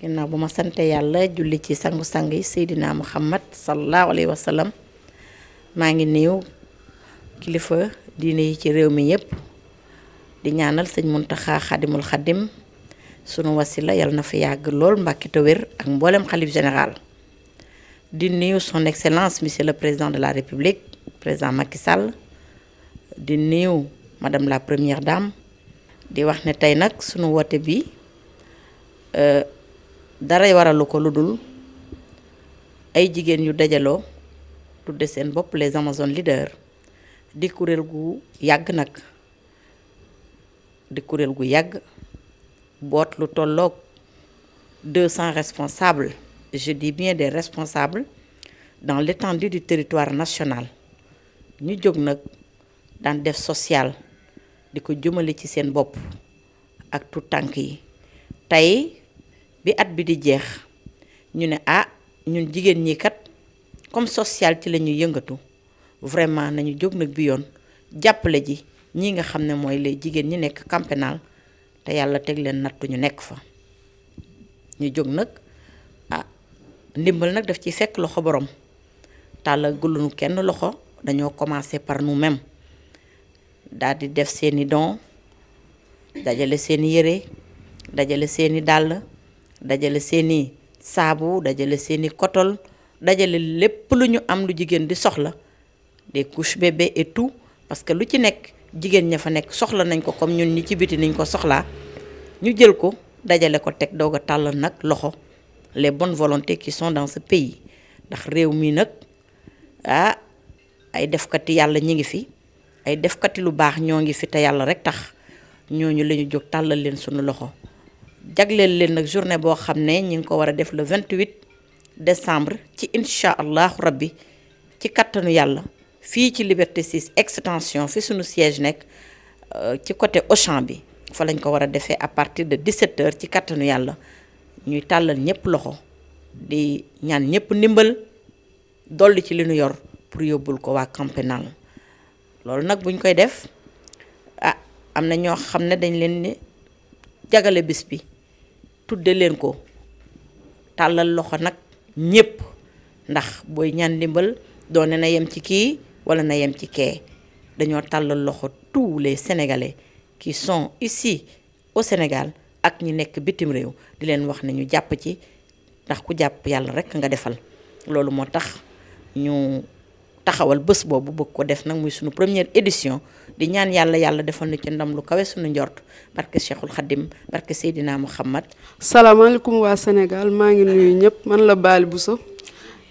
ginnaaw bu ma sante yàlla julli ci sangu-sang yi Seydina Muhammad sallallahu alayhi maa ngi nuyu kilifa diine yi ci réew mi yépp di ñaanal sëñ Muntaxa Xadimul Xadim sunu wasila yàlla na fi yàgg lool mbàkki te wér ak mboolem xalif général di nuyu son excellence monsieur le président de la république président Macky Sall di nuyu madame la première dame di wax ne tey nag sunu woote bi. Euh, daray waralu ko lu dul ay jigéen yu dajaloo tudde seen bopp les Amazone leaders di kuréel gu yàgg nag di kuréel gu yàgg boot lu tolloog 200 responsables je dis bien des responsables dans l'étendue du territoire nationale ñu jóg nag daan def sociale di ko jëmale ci seen bopp ak tout tànk yi bi at bi di jeex ñu ne ah ñun jigéen ñi kat comme social ci la ñuy yëngatu vraiment nañu jóg nag bi yoon jàppale ji ñi nga xam ne mooy les jigéen ñi nekk camp te yàlla teg leen nattu ñu nekk fa ñu jóg nag ah ndimbal nag daf ci fekk loxo borom tàlla gulunu kenn loxo dañoo commencé par nous-mêmes daal di def seeni don dajale seeni yére dajale seeni dàll dajale seeni saabu dajale seeni kotol dajale lépp lu ñu am lu jigéen di soxla des couches bébé et tout parce que lu ci nekk jigéen ña fa nekk soxla nañ ko comme ñun ñi ci biti niñ ko soxla ñu jël ko dajale ko teg doog a tàllal nag loxo les bon volontés qui sont dans ce pays ndax réew mii nag ah ay defkati yàlla ñi ngi fi ay defkati lu baax ñoo ngi fi te yàlla rek tax ñooñu la ñu jóg tàllal leen sunu loxo jagleel leen nag journée boo xam ne ñi ngi ko war a def le 28 décembre ci incha allahu rabbi ci kattanu yàlla fii ci Liberté 6 extension fi suñu siège nekk euh, ci côté Auchan bi fa lañ ko war a defee à partir de 17 septeur ci kattanu yàlla ñuy tàllal ñëpp loxo di ñaan ñëpp ndimbal dolli ci li ñu yor pour yóbbul ko waa Camp Pénal loolu nag buñ koy def ah am na ñoo xam ne dañ leen ni jagale bis bi tudde leen ko tàllal loxo nag ñépp ndax booy ñaan ndimbal doone na yem ci kii wala na yem ci kee dañoo tàllal loxo tous les sénégalais qui sont ici au Sénégal ak ñi nekk bitim réew di leen wax ne ñu jàpp ci ndax ku jàpp yàlla rekk nga defal loolu moo tax ñu taxawal bés boobu bëgg ko def nag muy sunu première édition di ñaan yàlla yàlla defal na ci ndam lu kawe sunu njort barke Cheikhul Khadim barke Seydina Muhammad. salaamaaleykum waa Sénégal maa ngi nuyu ñëpp man la Bali Bousso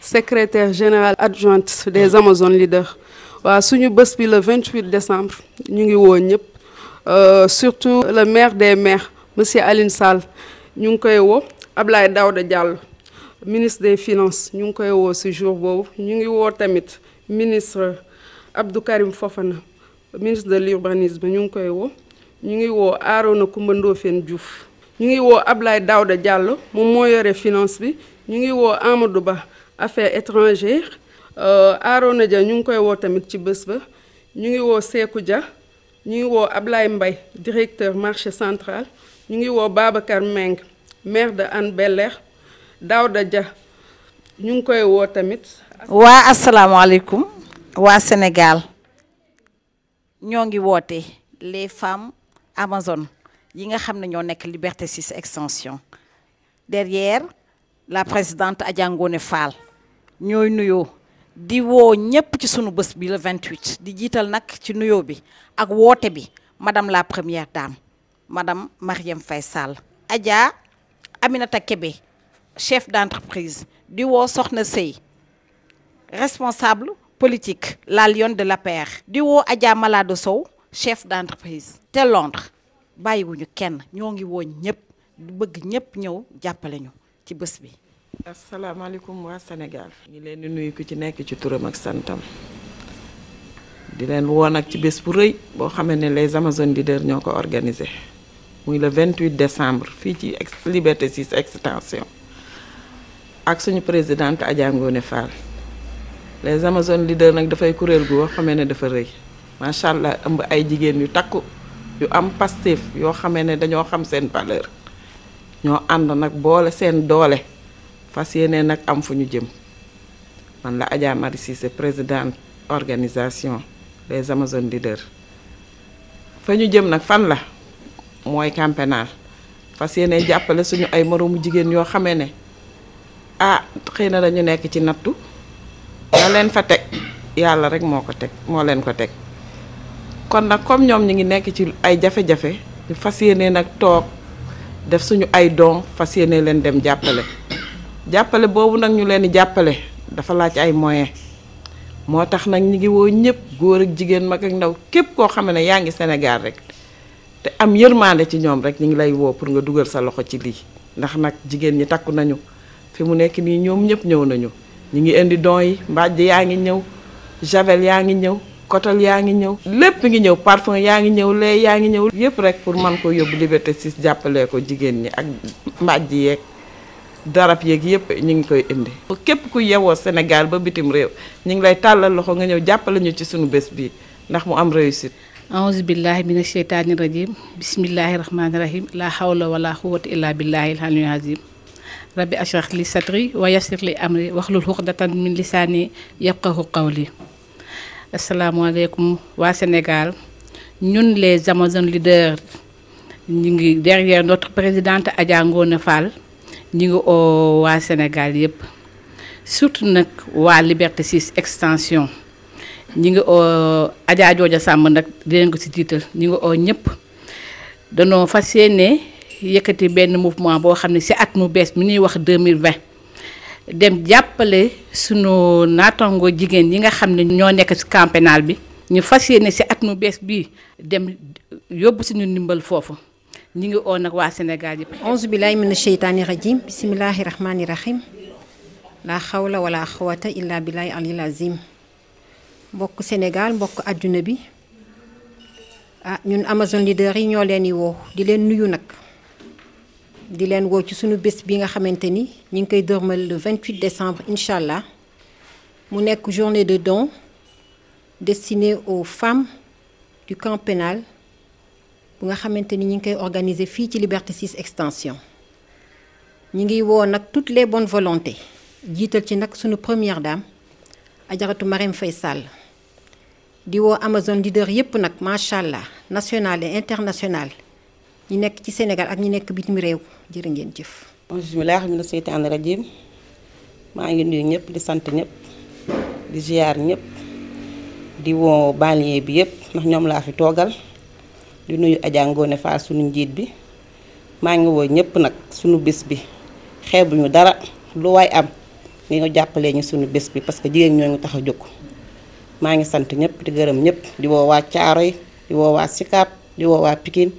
secrétaire générale adjointe des Amazone Leaders waa suñu bës bi le 28 décembre ñu ngi woo ñëpp euh, surtout le maire des maires monsieur Aline Sall ñu ngi koy woo Ablaye Daouda Diallo ministre des finances ñu ngi koy woo ci jour boobu ministre Abdou Karim Fofana ministre de l'urbanisme ñu ngi koy woo ñu ngi woo Arona Coumba Ndoffène Diouf ñu ngi woo Ablaye Daouda jàll moom moo yore finance bi ñu ngi woo Amadou Ba affaires étrangères euh, Arona Dia ñu ngi koy woo tamit ci bés ba ñu ngi woo Seeku ja ñu ngi woo Ablaye Mbaye directeur marché central ñu ngi woo Babacar Meng maire de Hann Bel-Air ja ñu ngi koy woo tamit waa asalaamaaleykum waa Sénégal ñoo ngi woote les femmes Amazon yi nga xam ne ñoo nekk Liberté 6 extension derrière la présidente Adja Ngoné Fall ñooy nuyoo di woo ñépp ci sunu bés bi vingt 28 di jiital nag ci nuyoo bi ak woote bi madame la première dame madame mariem fay Sall Adja Aminata Kébé chef d'entreprise di woo Soxna Sey responsable politique la Lyon de l'APR di woo Adja Malado Sow chef d'entreprise te Londres bàyyiwuñu kenn ñoo ngi woo ñëpp bëgg ñëpp ñëw jàppale ñu ci bés bi asalaamaaleykum waa Sénégal ngi leen di nuyu ku ci nekk ci turam ak santam di leen woon ak ci bés bu rëy boo xamee les Amazones leaders ñoo ko organisé muy le 28 décembre fii ci Liberté 6 extension ak suñu présidente Adja Ngoné Fall les Amazon leaders nag dafay kuréel gu wax xamee ne dafa rëy macha allah ëmb ay jigéen yu takku yu am Pastef yoo xamee ne dañoo xam seen valeur ñoo ànd nag boole seen doole fas yéene nag am fu ñu jëm man la Adja Marie Cissé présidente organisation les Amazon leaders fa ñu jëm nag fan la mooy camp fas yéene jàppale suñu ay moroomu jigéen yoo xamee ne ah xëy na dañu nekk ci nattu la leen fa teg yàlla rek moo ko teg moo leen ko teg kon nag comme ñoom ñu ngi nekk ci ay jafe-jafe ñu fas yéene nag toog def suñu ay doom fas yéene leen dem jàppale jàppale boobu nag ñu leen di jàppale dafa laaj ay moyens moo tax nag ñu ngi woo ñëpp góor ak jigéen mag ak ndaw képp koo xam ne yaa ngi Sénégal rek te am yërmande ci ñoom rek ñu ngi lay woo pour nga dugal sa loxo ci lii ndax nag jigéen ñi takku nañu fi mu nekk nii ñoom ñëpp ñëw nañu ñu ngi indi don yi mbàjj yaa ngi ñëw javel yaa ngi ñëw kotal yaa ngi ñëw lépp ngi ñëw parfum yaa ngi ñëw lee yaa ngi ñëw yëpp rek pour man ko yóbbu Liberté 6 jàppale ko jigéen ñi ak mbàjj yeeg darab yeeg yëpp ñu ngi koy indi képp ku yewoo Sénégal ba bitim réew ñu ngi lay tàllal loxo nga ñëw jàppale ñu ci suñu bés bii ndax mu am réussite aouzu billahi mina sheytaani rajim bismillahi rahmaani rahim la hawla wala quwwata illa billahi al aliyyil azim rabbi ashrah li sadri wa yassir li amri waxlul xuqdatan min lisaani yafqahu qawli asalaamaaleykum waa Sénégal ñun les Amazone leaders ñu ngi derrière notre présidente Adja Ngone Fall ñu ngi oo waa Sénégal yëpp surtout nag waa Liberté 6 extension ñu ngi oo Adja Jooja Sàmb nag dinañ ko ci tiital ñu ngi oo ñëpp danoo fas yéene yëkkati benn mouvement boo xam ne ci at mu bees mu ñuy wax 2020 dem jàppale sunu naatango jigéen yi nga xam ne ñoo nekk ci camp bi ñu fas yéene si at mu bees bi dem yóbbu suñu ndimbal foofu ñu ngi oo nag waa Sénégal yëpp onze billahi mina sheytaani rajim bisimilahi rahmaani rahim laa xawla wala xawata illa billahi alil azim mbokk Sénégal mbokk àdduna bi ah ñun Amazone Leader yi ñoo leen di woo di leen nuyu nag di leen woo ci suñu bés bi nga xamante ni ñu ngi koy dërmal le 28 décembre incha allah mu nekk journée de don destinée au femmes du camp pénal bu nga xamante ni ñu ngi koy organiser fii ci Liberté 6 extension ñu ngi woo nag toutes les bonnes volontés jiital ci nag suñu première dame ajaratu Marème Faye Sall di woo Amazon leader yépp nag macha allah national et international ñu nekk ci Sénégal ak ñu nekk bitim réew jërë ngeen jëf. bismilaahi mina seytaani rajiim maa ngi nuyu ñëpp di sant ñëpp di ziar ñëpp di woo banlieue bi yëpp ndax ñoom laa fi toogal di nuyu Adja Ngoné Fall suñu njiit bi maa ngi woo ñëpp nag suñu bis bi xeebuñu dara lu waay am nga jàppalee suñu bis bi parce que jigéen ñoo ngi tax a jóg maa ngi sant ñëpp di gërëm di woo waa Caaroy di woo waa Sicap di woo waa Pikine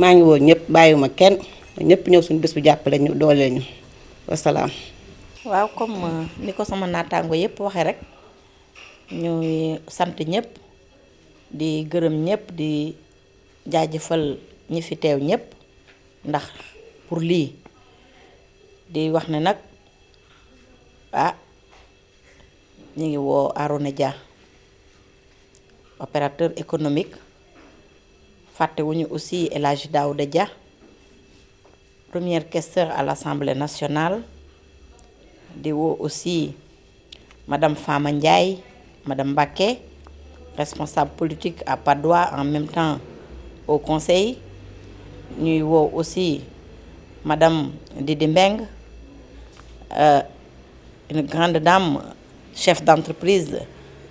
maa ngi woo ñëpp bàyyiwuma kenn ñëpp ñëw suñu bis bu jàppale ñu doole wasalaam. waaw comme euh, ni ko sama naataango yëpp waxee rek ñuy sant ñëpp di gërëm ñëpp di jaajëfal ñi fi teew ñépp ndax pour lii di wax ne nag ah ñu ngi woo Arouna Dia opérateur économique. fàttewuñu aussi El Hadj Daouda Dia premier questeur à l'Assemblée nationale di woo aussi madame Fama Ndiaye madame Mbacké responsable politique à Patte en même temps au conseil ñuy woo aussi madame Didi Mbeng euh, une grande dame chef d'entreprise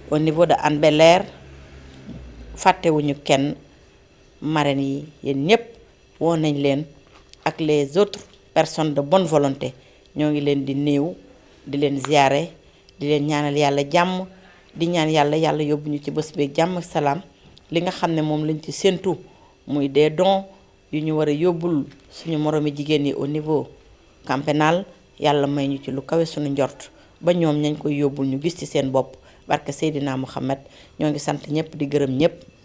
au niveau de Hann bel fàttewuñu kenn marraines yi yéen ñëpp woo nañ leen ak les autres personnes de bon volonté ñoo ngi leen di néew di leen ziyaare di leen ñaanal yàlla jàmm di ñaan yàlla yàlla yóbbu ñu ci bés bi jàmm salaam li nga xam ne moom lañ ci séentu muy des dons yu ñu war a yóbbul suñu moroomi jigéen yi au niveau camp yàlla may ñu ci lu kawe suñu njort ba ñoom ñañ koy yóbbul ñu gis ci seen bopp barke Seydina Muhammad ñoo ngi sant ñëpp di gërëm ñëpp